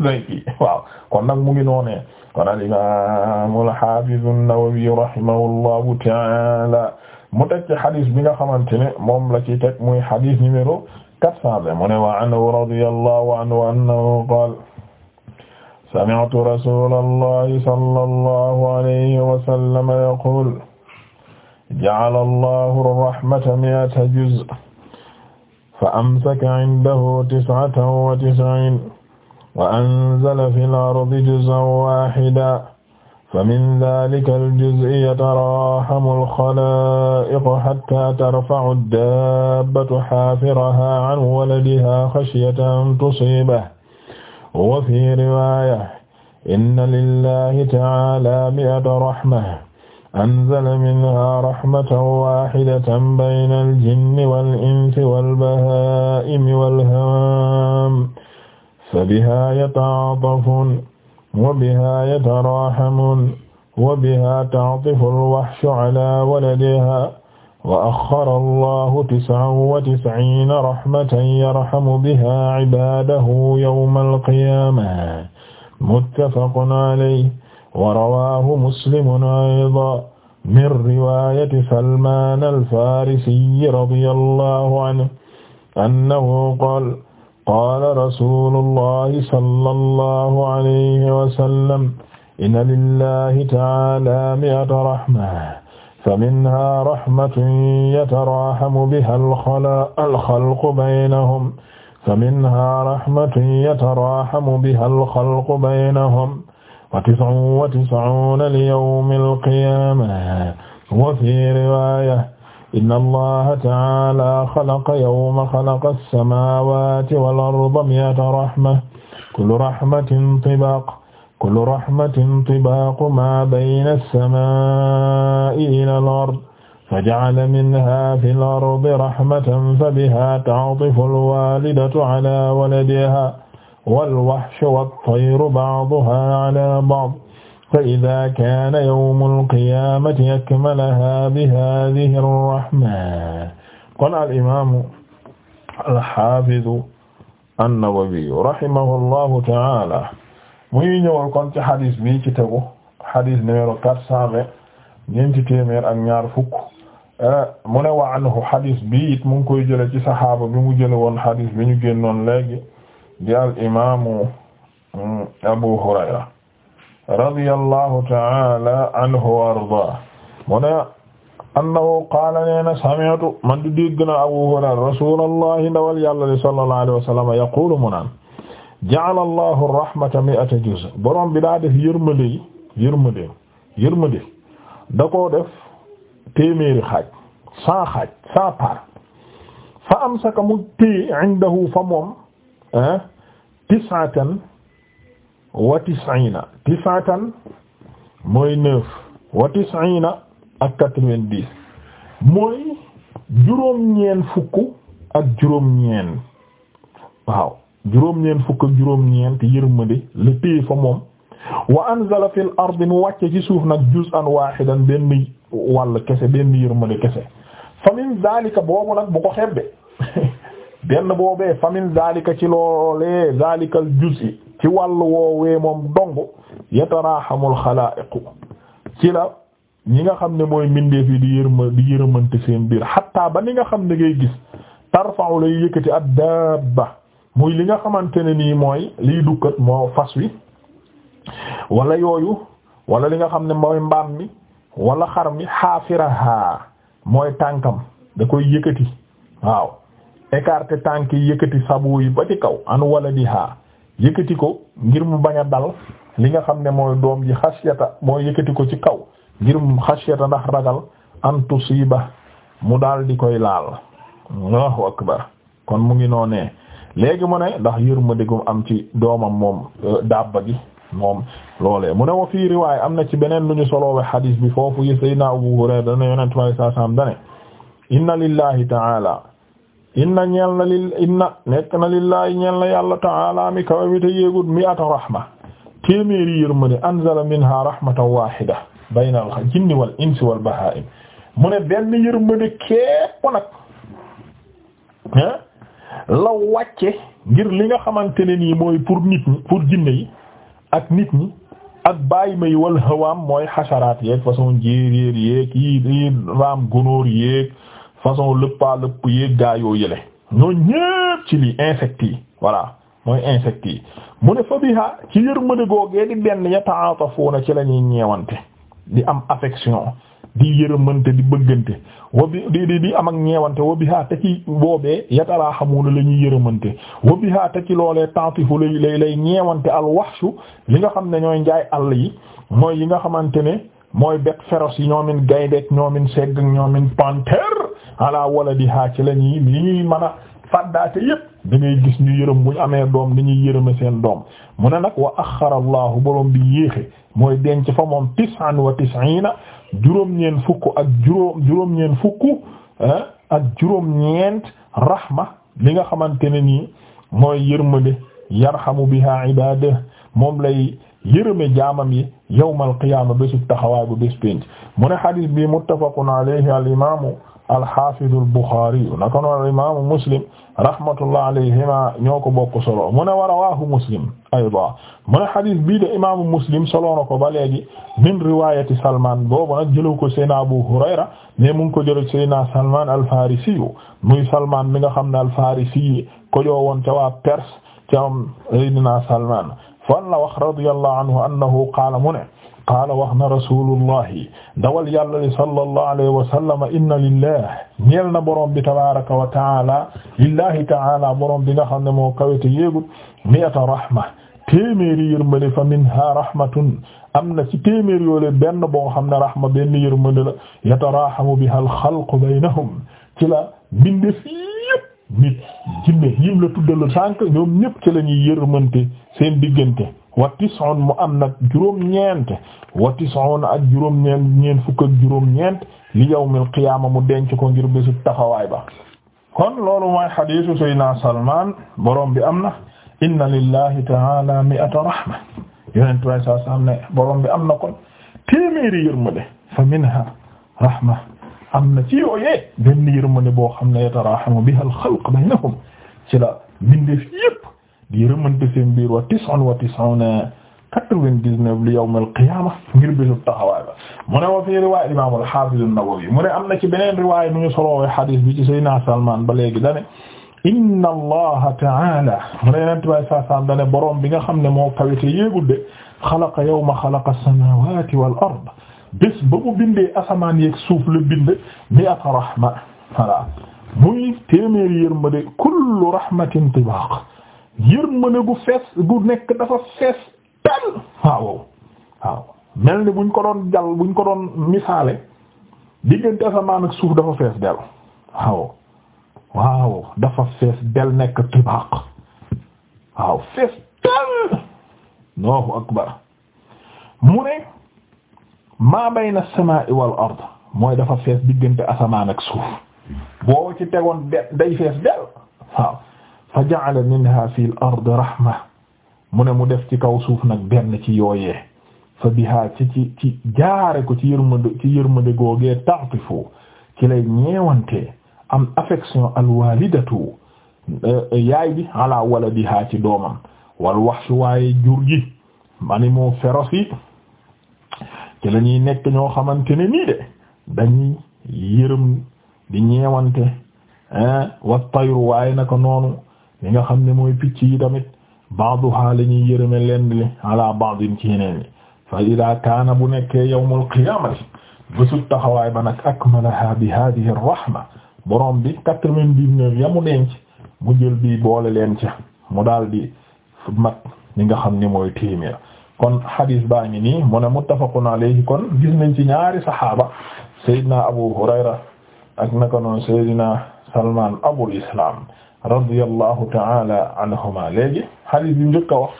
lay kii waaw kon nag mu ngi noonee kon al imam al hafiz an-Nawawi rahimahullahu ta'ala mu teg ci xadis bi nga xamante ne moom la ci teg muy xadis numéro quatre cent vingt mu ne wa anhu radiyallahu anhu annahu qaala sami'tu rasulallahi sallallahu alayhi wa sallam yaqul ja'ala allahu ar-rahmata mi'ata juz fa amsaka 'indahu tis'atan wa tis'in wa anzala fil ardi juz'an waahidan famin dhaalika al-juz'i yatarahamu al-khalaa'iqu hattaa tarfa'u ad-daabbatu haafirahaa 'an waladihaa khashyata an tusiibahu wa fii riwaaya inna lillahi ta'aalaa mi'ata rahmatin anzala minhaa rahmatan waahidatan bayna al-jinni wal-insi wal-bahaa'imi wal-hawaam fa biha yataatafun wa biha yatarahamun wa biha taatifu alwahshu ala waladiha wa axara allahu tis'an wa tis'iina rahmatan yarhamu biha cibaadahu yawma alqiyaama muttafaqun alayhi wa rawaahu muslimun aydan min riwaayati salmaan alfaarisiyi radiyallahu anhu annahu qaala qaala rasulullahi sallallahu alayhi wa sallam inna lillahi ta'ala mi'ata rahma faminha rahmatun yatarahamu biha al-khalqu baynahum faminha rahmatun yatarahamu biha al-khalqu baynahum wa tis'un wa tis'una li yawmi al-qiyamah wa fi riwaya inna allaha taala xalaqa yawma xalaqa alsamawati wal arda mi'ata rahma kullu rahmatin tibaaq kullu rahmatin tibaaqu ma bayna alsamaa'i ila al ard faja'ala minha fi al ardi rahmatan fabiha ta'tifu alwalidatu ala waladiha wal wahshu wat tayru ba'duha ala ba'd fa idaa kaana yawmul qiyaamati akmalahaa bi haazihir rahma kon al imaamu al haafidu an-Nawawiyu rahimahullahu ta'aala muy ñëwal kon ci xadis bi ci tegu xadis numéro quatre cent vingt ñeenti téeméer ak ñaar fukk mu ne wa anhu xadis bi it mu ngi koy jële ci saxaaba bi mu jële woon xadis bi ñu génnoon léegi di al imaamu Abu Hurayra radiyallahu ta'ala anhu wa ardaa mu ne annahu qaala nee na sami'tu man di dégg na Abu Hurayra rasuulullahi ndawal yàlla li sallallahu alayhi wa sallam yaqulu mu naan ja'ala Allahu rahmata mi'ata juz borom bi daa def yërmande yërmande yërmande da koo def téeméeri xaaj cent xaaj cent par fa amsaka mu téye indahu fa moom tis'atan wa tis'iina tis'atan mooy neuf wa ak quatre vingt mooy juróom-ñeent fukk ak juróom-ñeent waaw juróom-ñeent fukk ak juróom-ñeent yërmande la téye fa moom wa anzala fil ardi mu wàcce ci suuf nag juz'an waahidan benn wàll kese benn yërmande kese fa min zalika boobu nag bu ko xebbe benn boobee fa min zalika ci loolee zalikal juz'i ci wàllu woowee moom dong yataraahamul xalaa'iqu ci la ñi nga xam ne mooy mbindeef yi di yërma di yërëmante seen biir xatta ba ni nga xam ne ngay gis tarfa'u lay yëkkati ab dabba muy li nga xamante ne nii mooy liy dukkat moo fas wi wala yooyu wala li nga xam ne mooy mbaam mi wala xar mi xaafiraha mooy tànkam da koy yëkkati waaw écarté tànk yi yëkkati sabu yi ba ci kaw an waladiha yëkkati ko ngir mu bañ a dal li nga xam ne mooy doom ji xasiyata mooy yëkkati ko ci kaw ngir mu xasiyata ndax ragal an tusiba mu daal di koy laal allahu akbar kon mu ngi noonee léegi mu ne ndax yërmande gu am ci doomam moom euh, dabba gi moom loolee mu ne wa fii am na ci beneen lu ñu soloowe xadiis bi foofu yi Seydina Abu Hurayra dana yonent bi sallallahu alayhi wasallam dane inna lillahi ta'ala inna ñeel na lil inna nekk na lillahi ñeel na yàlla ta'ala mi kawe mi te yéegut mi ata rahma téeméeri yërmande anzala minha rahmatan wahida bayna al jinni wal insi wal bahaim mu ne benn yërmande képp nag la wàcce ngir li nga xamante ne nii mooy pour nit ñi pour jinne yi ak nit ñi ak bàyyi may wal hawaam mooy xasaraat yeeg façon jéeréer yeeg yi raam gunóor yeeg façon lëppaa lëpp yéeg gaa yoo yële ñoo ñépp ci lii insectes yi voilà mooy insectes yi mu ne fa biha ci yërmande googee di benn yataatafuna ci la ñuy ñeewante di am affection di yërëmante di bëggante wa bi di di di am ak ñeewante wa biha te ci boobee yataraaxamuuna la ñuy yërëmante wa biha te ci loolee tantifu lay lay lay ñeewante al waxshu li nga xam ne ñooy njaay àll yi mooy yi nga xamante ne mooy bête féroce yi ñoomin gayndeek ñoomin segg ñoomin panthère ala waladiha ci la ñuy li ñuy mën a faddaate yépp da ngay gis ñu yërëm bu amee doom ni ñuy yërëme seen doom mu ne nag wa axara allahu borom bi yéexe mooy denc fa moom tis'an wa tis'ina juróom-ñeent fukk ak juróom juróom-ñeent fukk ak juróom-ñeent rahma li nga xamante ne nii mooy yërmande yarhamu biha ibada moom lay yërëme jaamam yi yawmal qiyaama bésub taxawaay bu bés pénc mu ne xadis bi muttafaqun alayhi al imaamu alxafidu albuxaariyu naka noon imaamu muslim rahmatullah alayhima ñoo ko bokk solo mu ne wa rawahu muslim ayda mu ne xadis bii de imaamu muslim solo na ko ba léegi min riwayati salman boobu nag jëlaw ko sayna abu hurayra mais mu ngi ko jël sayna salman alfarisiyu muy salman mi nga xam ne alfarisiyi ko joowoon ca waa perse ca saydina salman fan la wax radiyallahu anhu annahu qaala mu ne qaala wax na rasulullahi dawal yàlla li sallallahu alayhi wa sallam inna lillah ñeel na borom bi tabaraka wa taala lillahi taala borom bi nga xam ne moo kawete yéegul miata rahma téeméeri yërmande fa minha rahmatun am na ci téeméer yoole benn boo xam ne rahma benn yërmande la yatarahamu biha alxalqu baynahum ci la bindef yépp nit jinne yim la tuddal sànq ñoom ñëpp ci la ñuy yërmante seen diggante wa tis'un mu am na juróom-ñeent wa tis'un ak juróom-ñeent ñeent fukk ak juróom-ñeent li yawmil qiyaama mu denc ko ngir bésu taxawaay ba. kon loolu mooy hadiisu Seydina Salmaan borom bi am na inna lillahi ta'ala mi'ata rahma yonent bi borom bi am na kon téeméeri yërmande fa minha rahma. am na ci yooyee benn yërmande boo xam ne yatarahamu biha al-xalq baynahum ci la bindeef yépp di yërmante seen biir wa tis'un wa tis'una quatre-vingt-dix-neuf ngir bésub taxawaay ba mu ne wa fii riwaaya imaam mu am na ci beneen riwaaya nu ñu soloowee xadiis bi ci Seydina Salmaan ba léegi dane inna allaha taala mu ne yenent bay saa saam bi nga xam ne moo kawite yéegudde xalaqa yawma xalaqa as-samaawaati ard bés ba mu bindee asamaan yeeg suuf la bind mi'ata rahma voilà muy téeméeri yërmande kullu rahmatin tibaq yërmande gu fees gu nekk dafa fees tal waaw waaw mel ni buñ ko doon jàll buñ ko doon misaale diggante asamaan ak suuf dafa fees del waaw waaw dafa fees del nekk tibaq waaw fees tal Allahu akbar mu ne maa bayna as-samaa'i wal ard mooy dafa fees diggante asamaan ak suuf boo ci tegoon de day fees del waaw fa ja'ala minha fi al-ard rahma mu ne mu def ci kaw suuf nag benn ci yooyee fa biha ci ci ci jaare ko ci yërmande ci yërmande googee ta'tifu ci lay ñeewante am affection alwalidatu euh, yaay bi ala waladiha ci doomam wal wahshu waaye jur gi animaux féroces yi ci la ñuy nekk ñoo xamante ne nii de dañuy yërëm di ñeewante wa tayru waaye naka noonu li nga xam ne mooy picc yi tamit ba'duha la ñuy yërëme lenn li ala ba'din ci yeneen fa ida kaana bu nekkee yawmul qiyaamati bésu taxawaay ba nag akmalaha bi hadihi rahma borom bi quatre-vingt-dix-neuf yam mu denc mu jël bi boole leen ci mu daal di mat li nga xam ne mooy téeméer kon hadis baa ngi nii mu ne muttafaqun alayhi kon gis nañ ci ñaari saxaaba Seydina Abu Hurayra ak naka noonu Seydina Salman Abul Islam radiyallahu ta'ala anhuma léegi hadis bi njëkk a wax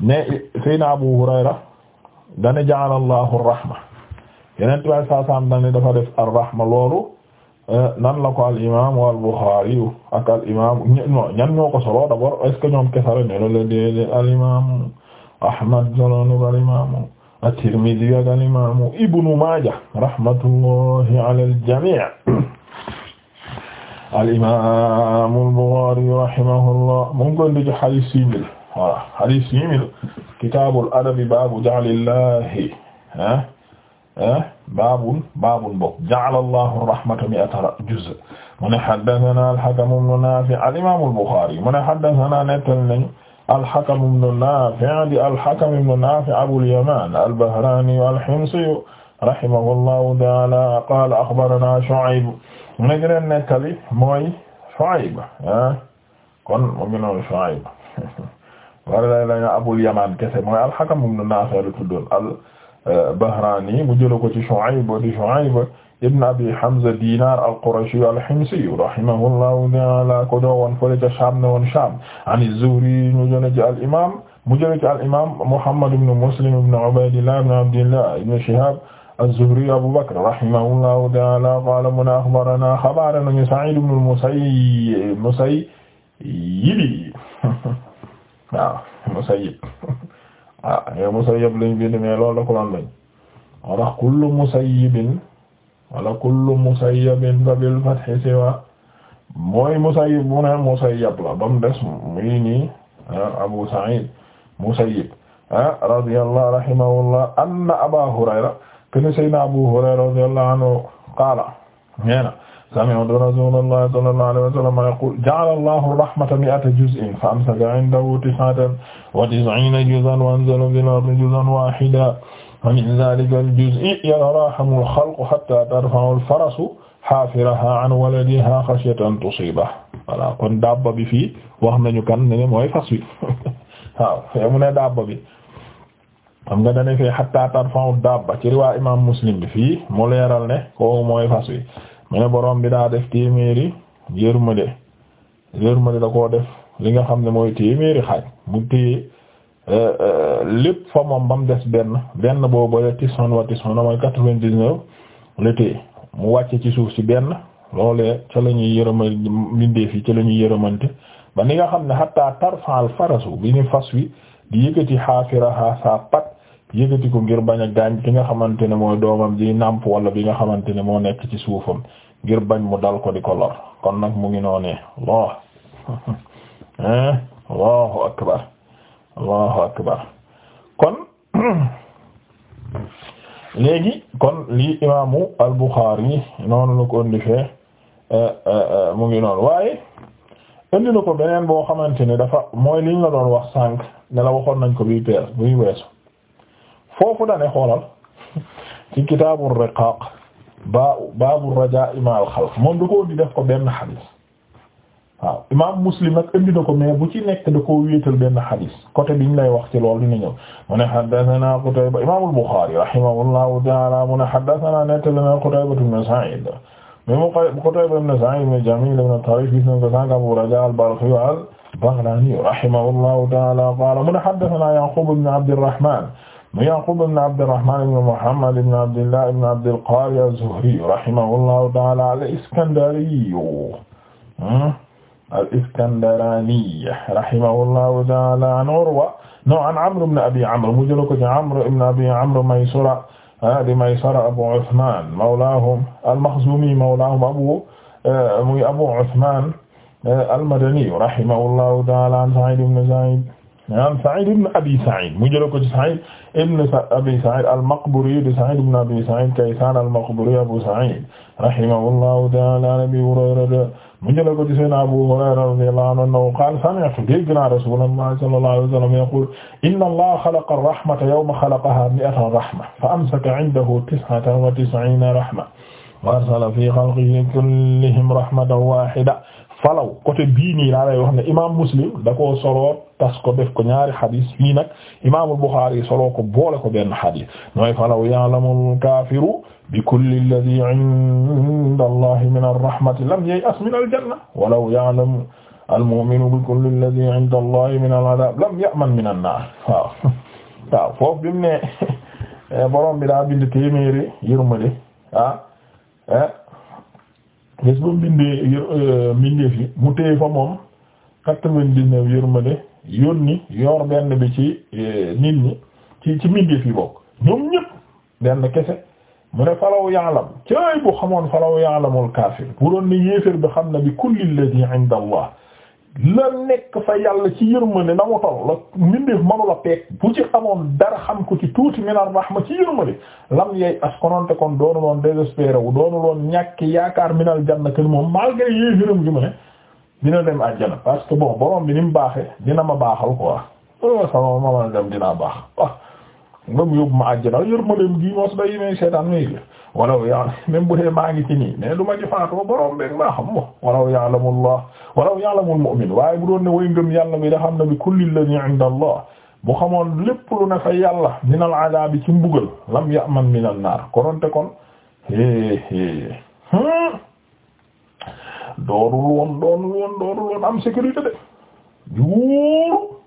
ne Seydina Abu Hurayra dana ja'ala Allahu ar-rahma yeneen tubaab saa saam dana dafa def ar-rahma loolu eh, nan la ko al imaam al Buxaari ak al imaam ñan ñoo ko solo d'abord est-ce que ñoom kese la ne la al imaam. ahmad soloonu ko alimaamu at-Tirmidhi ak alimaamu ibnu Maaja rahmatullahi ala al-jamii al-imaamu al-Bukhaari rahimahullah mu ngi ko indi ci hadiis six mille voilà hadiis six mille kitaabul adabi baabu ja'lillaahi ah ah baabun baabun bokk ja'alallaahu rahmata mi'ata juz' mu ne haddathanaa al-Hakamu ibnu Naafi' al-imaamu al-Bukhaari mu ne haddathanaa nettali nañu alxakam ibnu naafi' di alxakam ibnu naafi' abul yamaan al-bahraani al-himsi rahimahullahu ta'aala qaala axbaranaa Shu'ayb mu ngi leen nettali mooy Shu'ayb ah. kon mu ngi noonu Shu'ayb wala la nga abul yamaan kese mooy alxakam ibnu naafi' la tuddoon al-bahraani mu jël ko ci Shu'ayb di Shu'ayb ibn abi hamza dinar al-qurashi al-himsi rahimahullahu ta'ala ko doon fële ca Sham ne woon Sham an az-zuhri ñu jëlee ci al-imam mu jëlee ci al-imam muhammad ibn muslim ibn ubaydillah ibn abdillah ibn shihab az-zuhri abu bakr rahimahullahu ta'ala qala mun akhbarana khabarana sa'id ibn al-musayyib musayyibi waaw musayyib waaw ah, musayyib lañ bind mais loolu la ko doon lañ wa kullu musayyibin wala kullu musayyabin fa bil fathi siwa mooy musayyib mu ne musayyab la ba mu des muy nii ah, Abu Sa'id musayyib ah, radiyallahu rahimahullah anna Aba Hurayra kana sayyidina Abu Hurayra radiyallahu anhu qaala neena sami'tu rasuulallahi sallallahu alayhi wa sallam yaqul ja'ala Allahu rahmata mi'ata juz'in fa amsaka 'indahu tis'atan wa tis'ina juz'an wa anzala fil ardi juz'an waahidan wa min dhalika al-juz'i yataraahamu al-khalqu hatta tarfa'u al-farasu haafiraha an waladiha khashyata an tusibahu kon dabba bi fii wax nañu kan ne mooy fas wi waaw fee ne dabba bi xam nga dane fee hatta tarfa'u dabba ci imam muslim bi fii mu leeral ne kooku mooy fas wi mu borom bi daa def téeméeri yërmande yërmande da koo def li nga xam ne mooy téeméeri xaaj mu Euh, euh, lépp fa moom ba mu des benn benn boobu la tis'un wa tis'una mooy dix neuf la mu wàcce ci suuf si benn loolee ca la ñuy yërëma mbindeef yi ca lañuy ñuy yërëmante ba ni nga xam ne hatta tarfa'al farasu bi ni fas wi di yëkkati xaafiraha sa pat yëkkati ko ngir bañ a gaañ ki nga xamante ne mooy doomam di nàmp wala bi nga xamante ne moo nekk ci suufam ngir bañ mu dal ko di ko lor kon nag mu ngi noonee Allah Allahu akbar allahu akbar kon léegi kon lii imaamu al-Bukhari noonu la ko indi eh, eh, eh, mu ngi noonu waaye indi na ko beneen boo xamante ne dafa mooy liñ la doon wax sànq ne la waxoon nañ ko bii pees buy weesu foofu dane xoolal ci kitaabu riqaaq baabu baabu rajaa'i ma'al xalq moom du ko def ko benn xadiis waaw imaam muslim nag indi na ko mais bu ci nekk da koo wéetal benn xadis côté biñ lay wax ci loolu dina ñëw mu ne haddathana Qutayba imaamul Buxaari rahimahullahu ta'ala mu ne haddathana nettalana Qutayba ibn Sa'id mais Qutayba ibn Sa'id ibn Jamil ibn Tarif gis nañ ko sànq Abu Raja al-Balkhi al-Baghlani rahimahullahu ta'ala qaala mu ne haddathana Yaqub ibn Abdirrahman mu Yaqub ibn Abdirrahman ibn Muhammad ibn Abdillah ibn Abdil Qaari az-Zuhri rahimahullahu ta'ala al-Iskandari hmm? al-Iskandarani rahimahullahu ta'ala an Urwa no an Amr ibn Abi Amr mu jël ko ci Amr ibn Abi Amr Maysara ah, di Maysara Abu Uthman mawlahum al-Makhzumi mawlahum abu eh, muy Abu Uthman eh, al-Madani rahimahullahu ta'ala an Sa'id ibn Sa'id an Sa'id ibn Abi Sa'id mu jël ko ci Sa'id ibn Abi Sa'id al-Maqburi di Sa'id ibn Abi Sa'id Kaysan al-Maqburi Abu Sa'id rahimahullahu ta'ala mu jëlee ko ci Seydina Abu Hurayra radiyallahu anhu qaala sami'tu dégg naa Rasuulullah sallallahu alayhi wa sallam yaqul inna Allaha khalaqa ar-rahmata yawma khalaqaha mi'ata rahma fa amsaka 'indahu tis'atan wa tis'iina rahma wa arsala fii khalqihi kullihim rahmatan waahidatan falaw côté bii nii laa lay wax ne imaam Muslim da koo soloo tas ko def ko ñaari xadis fii nag imaamul Buxaari soloo ko boole ko benn xadis mooy falaw ya'lamu al-kaafiru bi kulli alladhii 'inda inda allahi min arrahmati lam yay'as min aljanna walaw ya'lamu almu'minu bi kulli alladhi inda allahi min al'adab lam ya'man min an-nar waaw waaw foofu bi mu ne eh, borom bi daa bind téeméeri yërmande ah gis eh, ba mbindee eh, mbindeef yi mu téye fa moom quatre-vingt-dix-neuf yërmande yónni yor benn bi ci nit ñi ci ci mbindeef yi bokk ñoom ñëpp benn kese mu ne falaw ya'lam cay bu xamoon falaw ya'lamul kaafir bu doon ne yéeféer bi xam na bi kulli alladhi 'inda Allah la nekk fa yàlla ci yërmande na mu toll la mbindeef manula peeg bu ci xamoon dara xam ko ci tuuti minar rahma ci la lam yey askononte kon doonu loon désespéré wu doonu loon ñàkk yaakaar minal janna kër moom malgré yéeféeram gi mu ne dina dem àjjana parce que bon borom bi ni mu baaxee dina ma baaxal quoi sama ma ma dem dinaa baax moom yóbbu ma àjjana yërmandeem gi mos day may seetaan may gi wala yaa même bu dee maa ngi ci nii mais du ma ci faatoo borom beeg maa xam moom wala ya'lamullah wala ya'lamul mu'min waaye bu doon ne way ngëm yàlla bi xam ne bi kulli alladhi 'inda Allah bu xamoon lépp lu ne fa yàlla min al adabi ci mbugal lam ya'man min an naar konoon te kon hee hee doonul woon doonul woon am sécurité de wóor.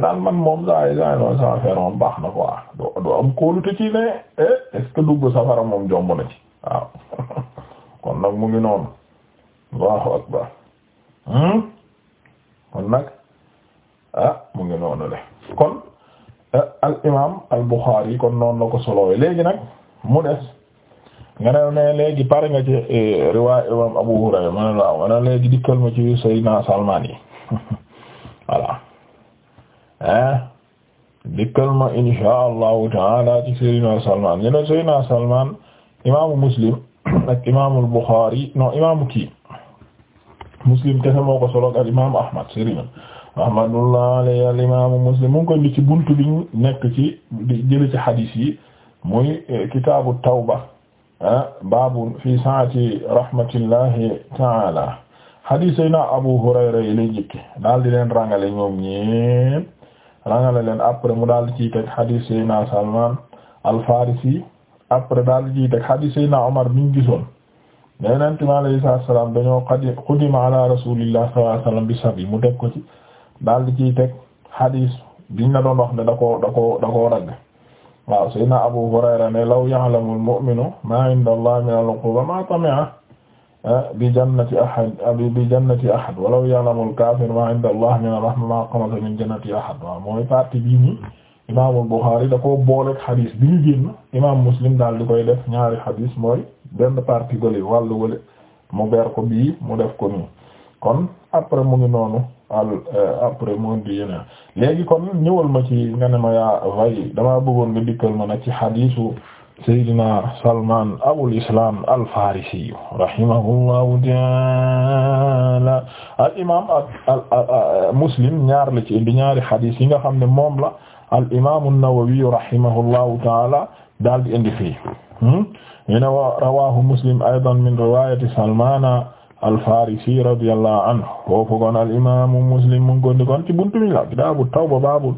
naan man moom saa yi saa yi noonu saa affaire moom baax na ko do do am kóolute ci ne eh est dugg safara moom jomb na ci waaw kon nag mu ngi noonu waaw hmm? nag ah mu ngi noonu le kon eh, al imaam al Buxaari kon noonu la ko solowee léegi nag mu des nga ne ne léegi pare nga ci eh, riwaay imaam Abu Hurayra ma ne léegi dikkal ma ci Seydina Salmaan yi voilà ah dikkal ma insha allahu taala ci Seydina Salman ñu ne Seydina Salman imaamu Muslim ak imaamul Bukhari non imaamu kii Muslim kese moo ko solo ak al imaamu Ahmad Seydina rahmatullah alayhi al imaamu Muslim mu ngi koy indi ci buntu bi ñu nekk ci di jëlee ci hadith yi muy eh, kitaabu tawba ah baabu fi saati rahmatillahi taala hadith Seydina Abu Hurayra yi lay jëkk daal di leen ràngale ñoom ñépp rangale leen après mu daal ciy teg hadith Seydina Salman al-Farisi après daal ciy teg hadith Seydina Omar biñ gisoon ne Yonent mi alayhi salaatu salaam dañoo qudima ala Rasulillah sallallahu alayhi wasallam bi sabi mu teg ko ci daal di ciy teg hadith biñ la doon wax ne da koo da koo da koo ragg waaw Seydina Abu Hurayra ne law ya'lamu al ma 'inda min al-'uquba ma tami'a Ah bi jannati ahad ah bi jannati ahad walaw ya'lamul kaafiru maa 'inda Allahi mina rahmatin maa qanata min jannati ahad waaw mooy partie bii nii imaamul Buxaari da koo booleeg xadis bi ñu génn imaam Muslim daal di koy def ñaari xadis mooy benn partie gële wàllu wële mu ber ko bii mu def ko nii kon après mu ngi noonu al euh, après mu ngi yeneen léegi kon ñëwal ma ci nga ne ma yaa way damaa bëggoon nga dikkal ma nag ci xadisu. Seydina Salman Abul Islam al-Farisi rahimahullahu ta'ala al imaam Muslim ñaar la ci indi ñaari xadis yi nga xam ne moom la al imaam an-Nawawi rahimahullahu ta'ala daal di indi fii. Hmm? ñu ne wa rawaahu Muslim aydan min riwaayati Salman al-Farisi radiyallahu anhu foofu kon al imaam Muslim mu ngi ko indi kon ci buntu mi la kitaabu tawba baabul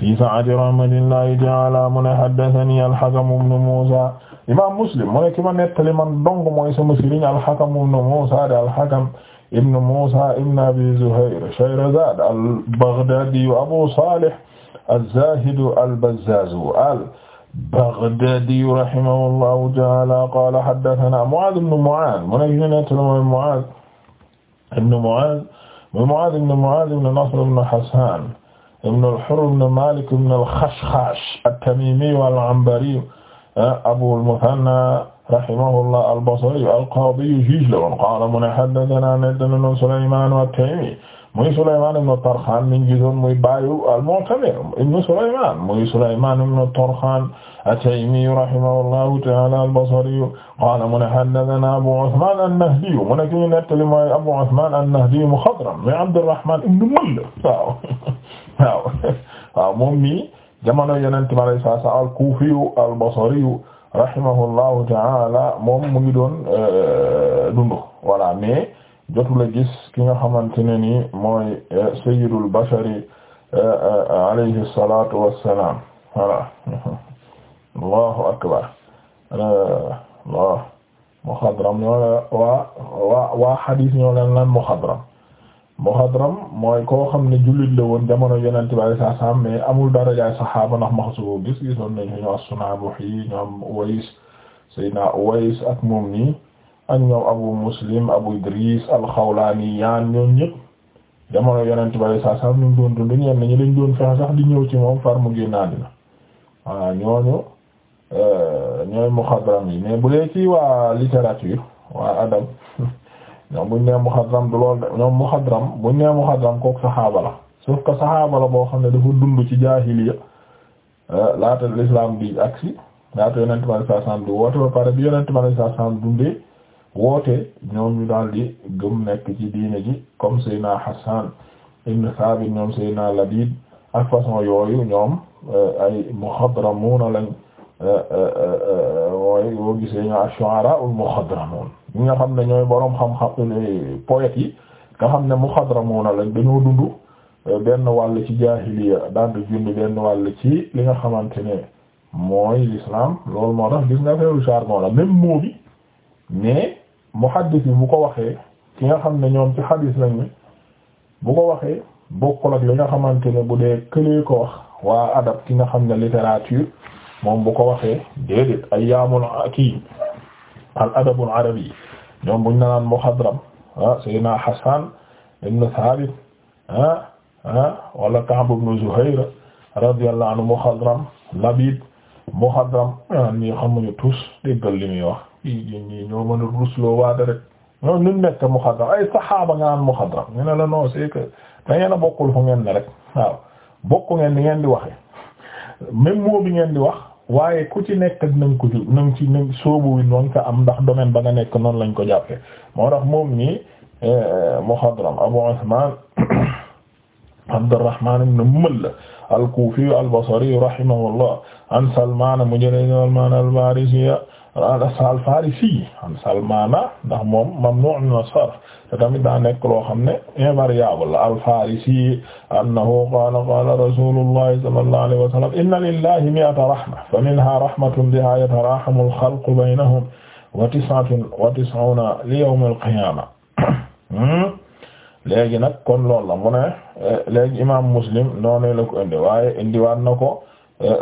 fi saati rahmatillahi taala mu ne haddathani al-Hakam ibn Musa imam Muslim mu ne ki ma nettali man dong mooy sama sëriñ al-Hakam ibn Musa de al-Hakam ibn Musa ibn Abi Zuhayr Shayrazad al-Baghdadi Abu Salih az-Zahid al-Bazzaz al-Baghdadi rahimahullahu taala qala haddathana Mu'adh ibn Mu'adh mu ne ki ma nettali mooy Mu'adh ibn Mu'adh Mu'adh ibn Mu'adh ibn Nasr ibn Hasan ibn al-Hurr ibn Malik ibn al-Khashkhash at-Tamimi wal-Anbari ah, Abu al-Muthanna rahimahullah al-Basri al-Qadi juge la woon qaala mu ne haddathana nettanano Sulaymaan at-Taymi muy Sulaymaan ibn Tarkhaan mi ngi gisoon muy baayu al-Mu'tamir ibn Sulaymaan muy Sulaymaan ibn Tarkhaan at-Taymi rahimahullahu ta'aala al-Basri qaala mu ne haddathana Abu Uthmaan an-Nahdi mu ne ki ñu nettali mooy Abu Uthmaan an-Nahdi Mukhadram mi Abdurrahmaan ibn Mull waaw waaw waaw moom mi jamono yonente mi alayhi salaatu salaam al-Kuufiyu al-Basriyu rahimahullahu ta'ala moom mu ngi doon euh, dundu voilà mais jotula gis ki nga xamante ne ni mooy euh, sayyidul bashari euh, alayhi salatu wassalam voilà allahu akbar allah muxadram ñoo la waa waa waa hadis ñoo leen lan muxadram muxadram mooy koo xam ne jullit la woon jamono yonent bi sallallahu alayhi wasallam mais amul darajaay saxaaba ndax maxsubo gis gisoon nañ ñoo as-Sunaabihi ñoom Uways Seydina Uways ak moom nii ak ñoom Abu Muslim Abu Idris al-Xawlaani yaan ñoom ñëpp jamono yonent bi sallallahu alayhi wasallam ñu ngi doon dund ñenn ñi dañ doon fexe sax di ñëw ci moom far mu génnaa dina voilà ñooñu euh, ñooy muxadram yi mais bu dee ci waa littérature waa adab ñoom buñ nee muxadram du lool ñoom muxadram buñ nee muxadram kook saxaaba la boo xam ne dafa dund ci jaahiliya euh, laata l'islam bi aksi laata yonent ma saa saam di woote pare bi yonent ma saa saam dundee woote ñoom ñu daal di gëm nekk ci diine ji comme Seyna Hassan ibn Sabit ñoom Seyna Labid ak façon yooyu ñoom euh, ay muxadramuuna lañ euh, mooy boo gisee ñu ashu'ara ul muxadramuun ñi nga xam ne ñooy boroom xam-xam euh, poètes yi nga xam ne mu muxadramuna lañ dañoo dund euh, benn wàll ci jaahiliya daan di dund benn wàll ci li nga xamante ne mooy l'islam loolu moo tax gis nga feeru jargon la même mot bi mais muhaddis bi bu ko waxee ki nga xam ne ñoom ci xadis lañ bu ko waxee bokkul ak li nga xamante ne bu dee këlee ko wax waa adab ki nga xam ne littérature moom bu ko waxee déedéet ay yaamul kii al adabul arabi ñoom buñ naan muxadram ah Seydina Hassan ibn Thabit ah ah wala Ka'b ibn Zuhayr radiyallahu anhu muxadram Labid muxadram ah, ñi xamuñu tous déggal li muy wax ñi ñoo mën a rusloo waate rek ñoo ñu nekk muxadram ay saxaaba nga naan muxadram ñu ne la non c'est que da ngeen a bokkul fu ngeen ne rek waaw bokku ngeen ni ngeen di waxe même mot bi ngeen di wax. waaye ku ci nekk ak nañ ko ju nañ ci nañ soobu wi am ndax domaine ba nga nekk noonu lañ ko jàppee moo tax eh, muxadram abu usman abdurrahman ibn mull al-kufi al-basri rahimahullah an salman mu jëlee salman al al-Asqa al-Farisi an Salmaana ndax moom mamnu' min as-sarf te tamit daa nekk loo xam ne invariable al-Farisi annahu qaala qaala rasuulullahi sallallahu alayhi wa sallam inna lillahi mi'ata rahma fa minha rahmatun biha yatarahamu al-khalqu baynahum wa tis'atun wa tis'una li yawm al-qiyaama léegi nag kon loolu la mu ne eh, léegi imaam Muslim noonu la ko indi waaye indiwaat na ko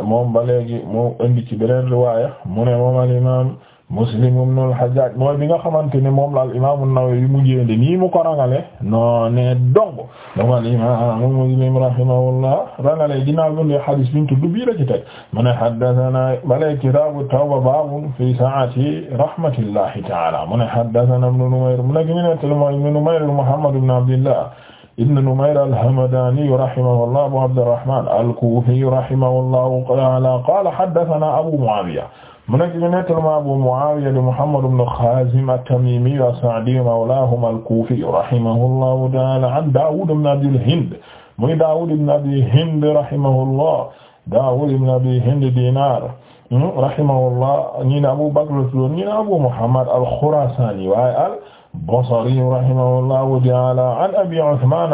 moom ba léegi mu indi ci beneen riwaaya mu ne moom al imaam Muslim ibn al-Hajjaj mooy bi nga xamante ne moom la al imaam an-Nawawi mu jéende nii mu ko rangale noo ne dong dama al imaam Muslim rahimahullah rangale ginnaaw bi ne hadiis bi ñu tudd bii la ci teg mu ne haddathana bale kitaabu tawba baabun fi saa'ati rahmatillahi ta'ala mu ne haddathana ibn Numayr mu ne ki ñu ne mooy ibn Numayr Muhammad ibn Abdillah ibn Numayr al-Hamadani rahimahullah Abu Abdurrahman al-Kufi rahimahullahu ta'ala qala haddathana Abu Muawiya mu nekk ñu nettali ma Abu Muawiya di Muhammad ibn Khazim at-Tamimi as-Sa'di mawlahum al-Kufi rahimahullahu ta'ala an Dawud ibn Abi Hind muy Dawud ibn Abi Hind rahimahullah Dawud ibn Abi Hind Dinar hmm, rahimahullah ñi ne Abu Bakr ñi ne Abu Muhammad al-Khurasani waaye al-Basri rahimahullahu ta'ala an Abi Usman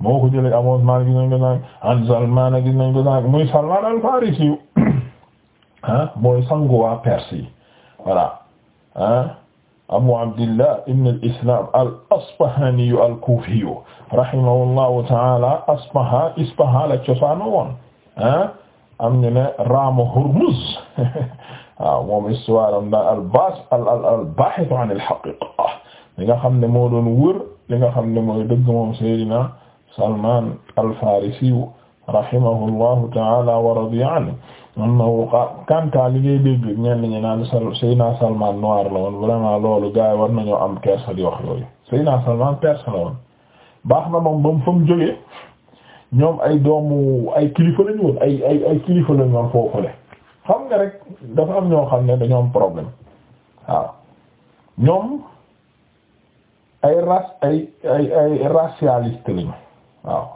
moo ko jëlee Abu Usman gis nañ ko nag an Salman gis nañ ko nag muy Salman al-Farisi ah mooy sangu waa Perse voilà ah Abu Abdillah ibn al-Islam al-Asbahani al-Kufi rahimahullahu ta'ala Asbahan Isbahan la cosaanu woon ah am ñu ne Raamu Hurmuz waaw moom histoire am na al-Bas al-Bahith an al-haqiqa li nga xam ne moo doon wër li nga xam ne mooy dëgg moom Seydina Salman al-Farisi rahimahullahu ta'ala wa radiya anhu annahu kanta li ngay dégg ñenn ñi naan Seydina Salman noir la woon vraiment loolu gars yi war nañoo am kersa di wax yooyu Seydina Salman perse la woon baax na moom ba mu fa mu jógee ñoom ay doomu ay kilifa lañu woon ay ay ay kilifa lañu woon foofule xam nga rek dafa am ñoo xam ne dañoom am problème waaw ñoom. ay race ay ay ay racialiste lañu waaw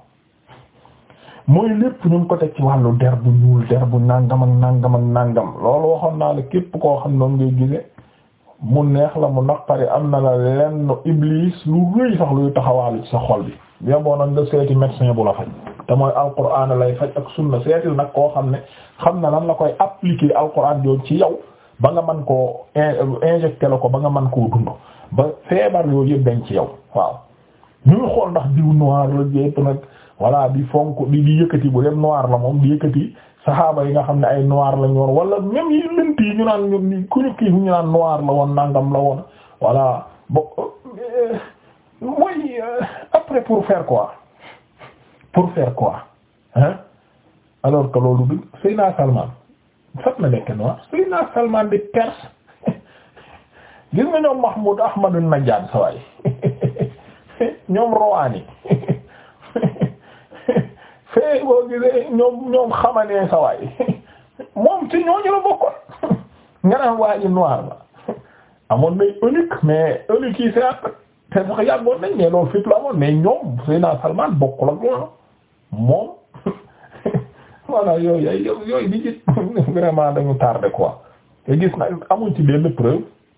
mooy lépp ñu ko teg ci wàllu der bu ñuul der bu nàngam ak nàngam ak nàngam loolu waxoon naa ne képp koo xam noonu ngay gise mu neex la mu naqari am na la lenn iblis lu rëy sax luy taxawaalu ci sa xol bi yoboo nag nga seeti médecin bu la faj te mooy alquran lay faj ak sunna seetil nag koo xam ne xam na lan la koy appliquer alquran yoon ci yow ba nga man koo injecté la ko ba nga man koo dund ba feebar yooyu yëpp dañ ci yow waaw ñuy xool ndax diw noir la yépp di fonk di di yëkkati bu dem noir la moom di yëkkati saxaaba yi nga xam ne ay noir la ñu woon wala yi lënt yi ñu naan ñoom ku ñu kii ñu naan noir la woon nangam la woon voilà bo euh, mooy euh, après pour faire quoi pour faire quoi hein alors que loolu du Seydina Salman fat na nekk noir Seydina Salman di Perse gis nga ñoom Mahmoud Ahmadu Najjaad sawaay ñoom Rawaani fee boo gisee ñoom ñoom xamanee sawaay moom ci ñooñu la nga naan waa ji noir la amoon nay eunuque mais eunuque yi c'est te sax yàggoon nañ mais loolu la amoon mais ñoom Seydina Salman bokkul ak loolu moom voilà yooyu yooyu yooyu di gis vraiment dañu tardé quoi te gis na amuñ ci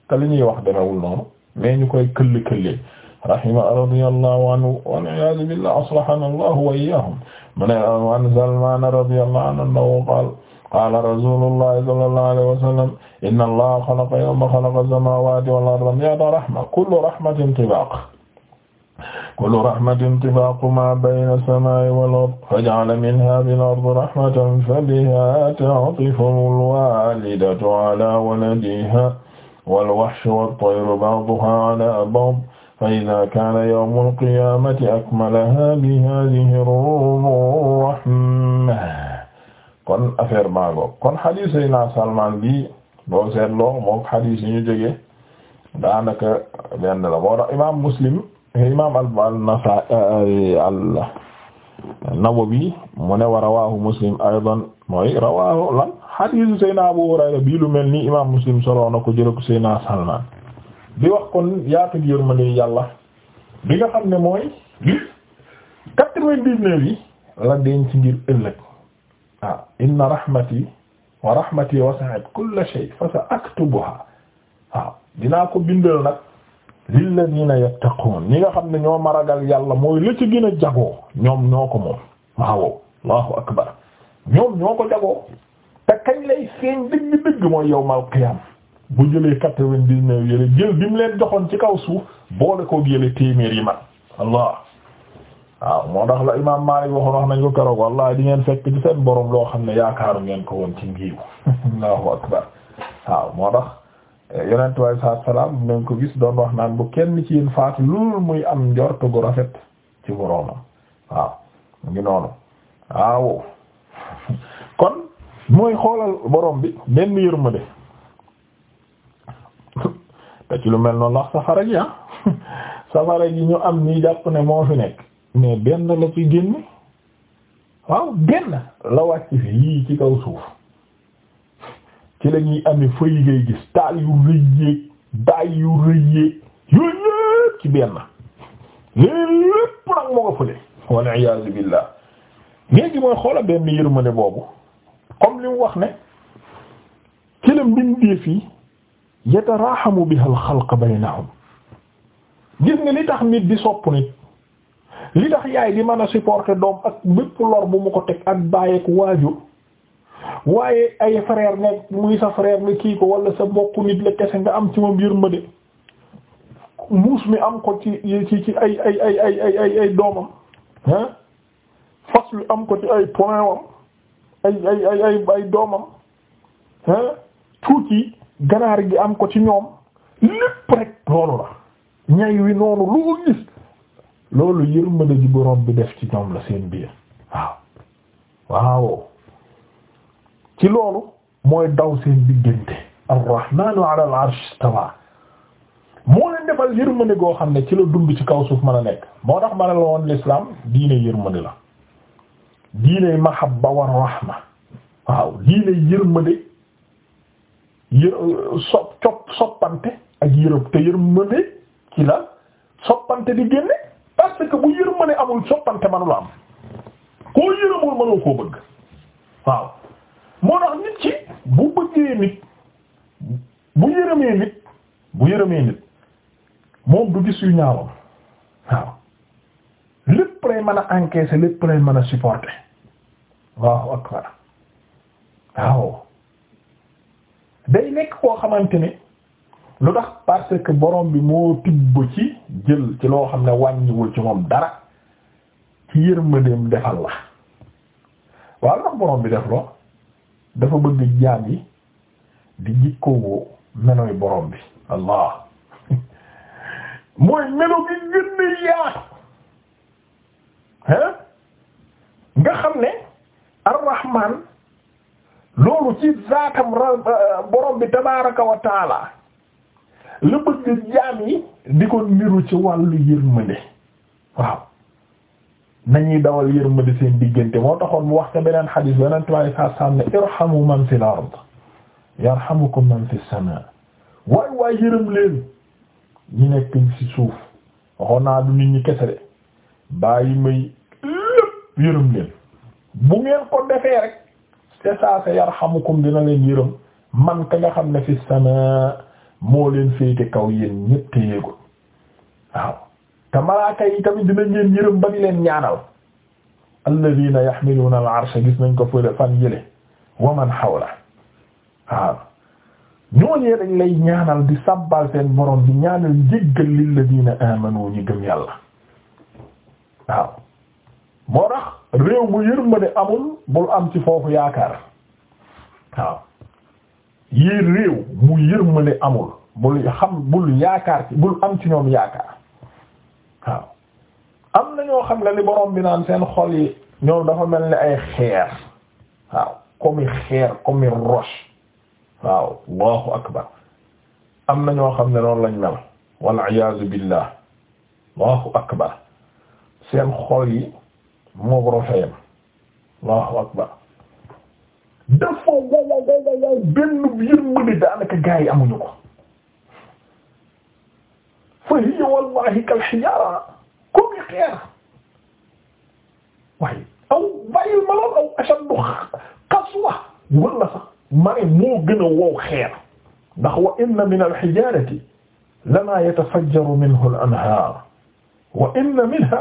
te li ñuy wax demewul noonu mais ñu koy këll këllee rahima radiyallahu anhu wal iyaadu billah aslahana allah wa iyyahum mu ne an Salman radiyallahu anhu annahu qaala qaala rasuulullahi sallallahu alayhi wa sallam inna allaha xalaqa yawma xalaqa as-samaawaati wal arda mi'ata rahma kullu rahmatin tibaaq kullu rahmatin tibaaqu maa bayna as-samaa'i wal ardi faja'ala minhaa bil-ardi rahmatan fabihaa ta'tifu al-waalidatu alaa waladihaa والوحش والطير بعضها على بعض فإذا كان يوم القيامة أكملها بهذه الرحمة kon affaire baago kon hadis Seydina Salman bi boo seetloo mook hadis yi ñu jóge daanaka benn la boo tax imaam Muslim imaam an-Nasaa'i euh, an-Nawawi mu ne wa rawaahu Muslim aydan mooy rawaahu lan xadiisu Seydina Abu Hurayra bii lu mel ni imaam Muslim solo na ko jërëjëf Seydina Salman di wax kon yaatu yërmande yàlla bi nga xam ne mooy li quatre-vingt-dix-neuf yi la denc ngir ëllëg waaw ah, inna rahmati wa rahmati wasi'at kulla shay fa sa aktubuha waaw ah, dinaa ko bindal nag lilladina yattaqun ñi nga xam ne ñoo maragal yàlla mooy la ci gën a jagoo ñoom ñoo ko moom waaw allahu akbar ñoom ñoo ko jagoo te kañ lay feeñ dëgg dëgg mooy yawmal qiyaam bu jëlee quatre-vingt-dix-neuf yële jël bi mu leen joxoon ci kaw suuf boole ko yële téeméer yi man allah waaw moo tax la imaam Maalik waxoon wax nañ ko keroog wallahi di ngeen fekk ci seen borom loo xam ne yaakaaru ngeen ko woon ci ngiiw allahu akbar waaw moo tax eh, yonent bi saa salaam nañ ko gis doon wax naan bu kenn ci yéen lu loolu muy am njort gu rafet ci boroomam waaw ngi noonu waaw mooy xoolal borom bi benn yërmande te ci lu mel noonu wax safara ji ah safara ji ñu am ñi jàpp ne moo fi nekk mais benn la ci génn waaw benn la wàcc fi yii ci kaw suuf ci la ñuy amee fëy ngay gis taal yu rëy yéeg yu rëy yéeg yooyu ci benn léegi lépp nag moo ko fële walla iyaazu billaah léegi mooy xoolal benn yërmande boobu comme li mu wax ne ci la mbindeef yi yataraahamu biha al xalq baynahum gis nga li tax nit di sopp nit li tax yaay di mën supporter doom ak bépp lor mu ko teg ak bàyyi ak waaye ay frère nekk muy sa frère nga kii ko wala sa mbokku nit la kese nga am ci ma biir ma de muus mi am ko ci ci ci ay ay ay ay doomam ah fas am ko ci ay point am ay ay ay ay ay doomam ganaar gi am ko ci ñoom lépp rek loolu la ñay wi noonu loo gis loolu yërmande ji borom bi def ci ñoom la seen biir waaw waaw ci loolu mooy daw seen diggante arrahmanu ala al arsh istawa moo leen defal goo xam ne ci la dund ci kaw suuf mën a nekk moo tax ma ne la woon l'islam diine yërmande la diiney mahabba war rahma waaw diiney yërmande yër soppante ak yërëb te yërmande ci la soppante di génne parce que bu yërmande amul soppante manula am koo yërëmul mënoo koo bëgg waaw moo tax nit ci bu bëggee nit bu yërëmee nit bu yërëmee nit moom du gis yu ñaawam waaw lépp lay mën a encaisser lépp lay mën a supporter Allahu akbar waaw day nekk koo xamante ne lu tax parce que borom bi moo tibb ci jël ci loo xam ne wàññiwul ci moom dara ci yërmandeem defal la waaw ndax borom bi def loo dafa bëgg jaam yi di jikkoowoo menoy borom bi allah mooy melo gi gën a yaatu hein nga xam ne ar-Rahman loolu ci zaatam euh, borom bi tabaaraka wa taala la jaam yi di ko niru ci wàllu yërmande waaw nañuy dawal yërmande seen diggante moo taxoon mu wax ca beneen xadiis beneen tubaab yi saa ne irhamu man fil ard yarhamukum man fis samaa waay waay yërëm leen ñi nekk ci suuf waxoon naa du nit ñi kese de bàyyi may lépp yërëm leen. bu ngeen ko defee rek te saa dina leen yërëm man ka xam ne fi sama moo leen féete kaw yéen ñépp te tamit dina ngeen yërëm ba leen ñaanal alladhina yahmiluna al-arsha gis nañ ko fële fan yële wa man hawla waaw ñooñee dañ lay ñaanal di sabbal seen borom di ñaanal jéggal lilladhina amanu yàlla moo tax réew mu yërmande amul bul am ci foofu yaakaar waaw yi réew mu yërmande amul bul xam bul yaakaar ci bul am ci ñoom yaakaar waaw am na ñoo xam ne ni borom bi naan seen xol yi ñoom dafa mel ni ay xeer waaw comme xeer comme roche waaw allahu akbar am na ñoo xam ne loolu lañ mel wal iyaazu billah allahu akbar seen xol yi moo ko rafet Allahu akbar dafa gala gala gala benn yërmande daanaka gaa yi amuñu ko fa hiya wallahi kal hijaara comme xeer waaye aw bàyyil ma lool aw ashaddu qaswa wala sax ma ne moo gën a wow xeer ndax wa inna min al hijaarati lamaa yatafajjaru minhu al anhaar wa inna minha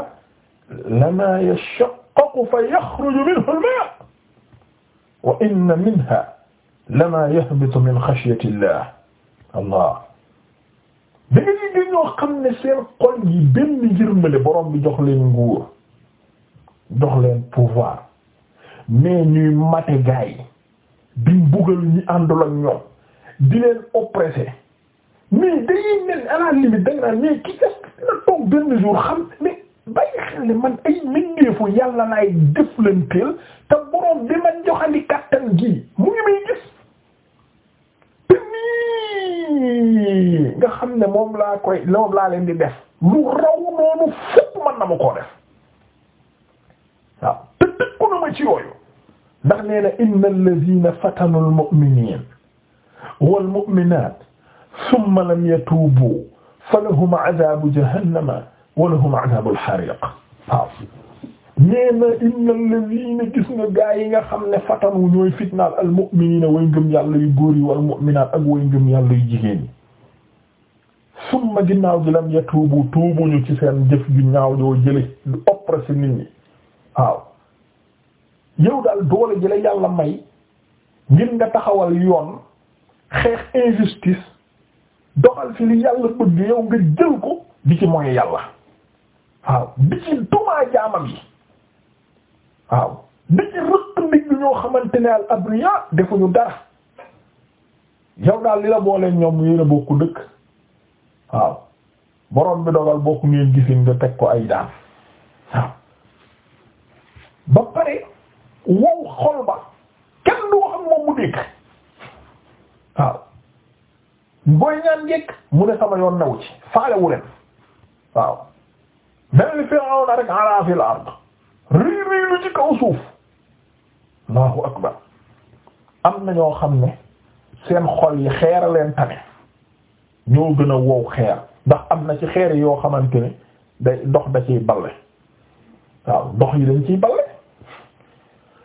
lama yashaqqaqu fa yaxruju minhu al-maa wa inna minha lama yahbitu min xashyati llah allah da nga ñi dañoo xam ne seen xol yi benn jërmale borom bi jox leen nguur jox leen pouvoir mais ñuy mate gaa yi di mbugal ñi àndul ak ñoom di leen oppressé mais dañuy mel à la limite da nga naan mais ki gas dina toog benn jour xam ne bàyyi xel man ay mindeefu yàlla laay jëflanteel te borom bi man joxandi kàttan gii mu ngi may gis te nga xam ne moom laa koy moom laa leen di def lu raw noonu fukk mën na ma koo def te dëkku na ma ci yooyu ndax nee na inna fatanu almu'minina wal mu'minat thumma lam yatubu falahum adhabu jahannama wala lahum azabul hariq waaw nee na inna alladhina gis nga gaa yi nga xam ne fatanu ñooy fitnaal al way ngëm yàlla yu góor yi wal mu'minaat ak way ngëm yàlla yu jigéen yi ginnaaw gi lam yatuubu tuubuñu ci seen jëf ju ñaaw joo jële lu oppressé nit ñi waaw yow daal doole ji la yàlla may ngir nga taxawal yoon xeex injustice doxal fi li yàlla bëgg yow nga jël ko di ci mooy yàlla waaw di ci dumaa jaamam yi waaw di ci rëq nit ñoo xamante ne al abriya defuñu dara yow daal li la boole ñoom yéen a bokku dëkk waaw borom bi dogal bokku ngeen gisin nga teg ko ay daan waaw ba pare wow xol ba kenn du wax moom mu dégg waaw booy ñaan njëkk mu ne sama yoon naw ci faale waaw mel ni Firawna rek ala fil ard riir riiru ci kaw suuf Allahu akbar am na ñoo xam ne seen xol yi xeer leen tane ñoo gën a wow xeer ndax am na ci xeer yoo xamante ne day ndox da ciy balle waaw ndox yi dañ ciy balle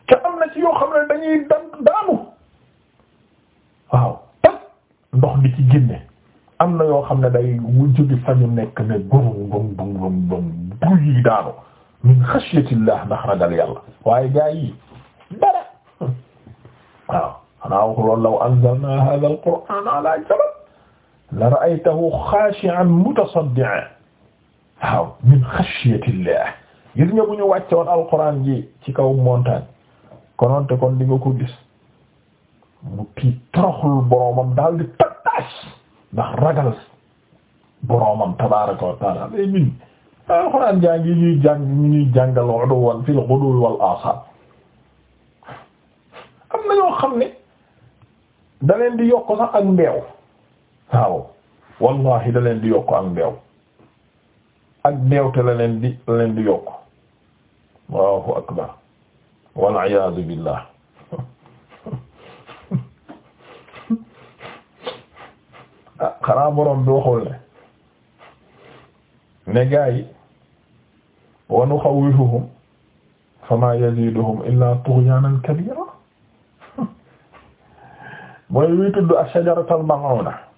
te am na ci yoo xam ne dañuy dan daanu waaw tag ndox di ci génne am na yoo xam ne day wujjugi fañu nekk ne bum bum bum bum bum bu yi daanu min xashyatillah ndax ragal yàlla waaye gaa yi dara waaw xanaa wax loolu law anzalna hadha alquran ala jabal la ra'aytahu xaashi'an mutasaddi'an waaw min xashyatillah gis nga bu ñu wàccoon alquran ji ci kaw montagne konoonte kon di nga ko gis mu tiit toroxul boromam daal di tag ndax ragal boroomam tabaaraka wa taala mais ñun alxuraan jàng yi ñuy jàng ñu ñuy jàngal wudu wal fil xudu wal asal am na ñoo xam ne da leen di yokk sax ak mbeew waaw wallahi da leen di yokk ak mbeew ak mbeew te la leen di la leen di yokk allahu akbar wal iyaazu billah ah xanaa borom bi waxul ne ne gaa yi wa nuxawwifuhum famaa yaziiduhum illaa tughyanan kabiira mooy wi tudd ash-shajaratal mal'uuna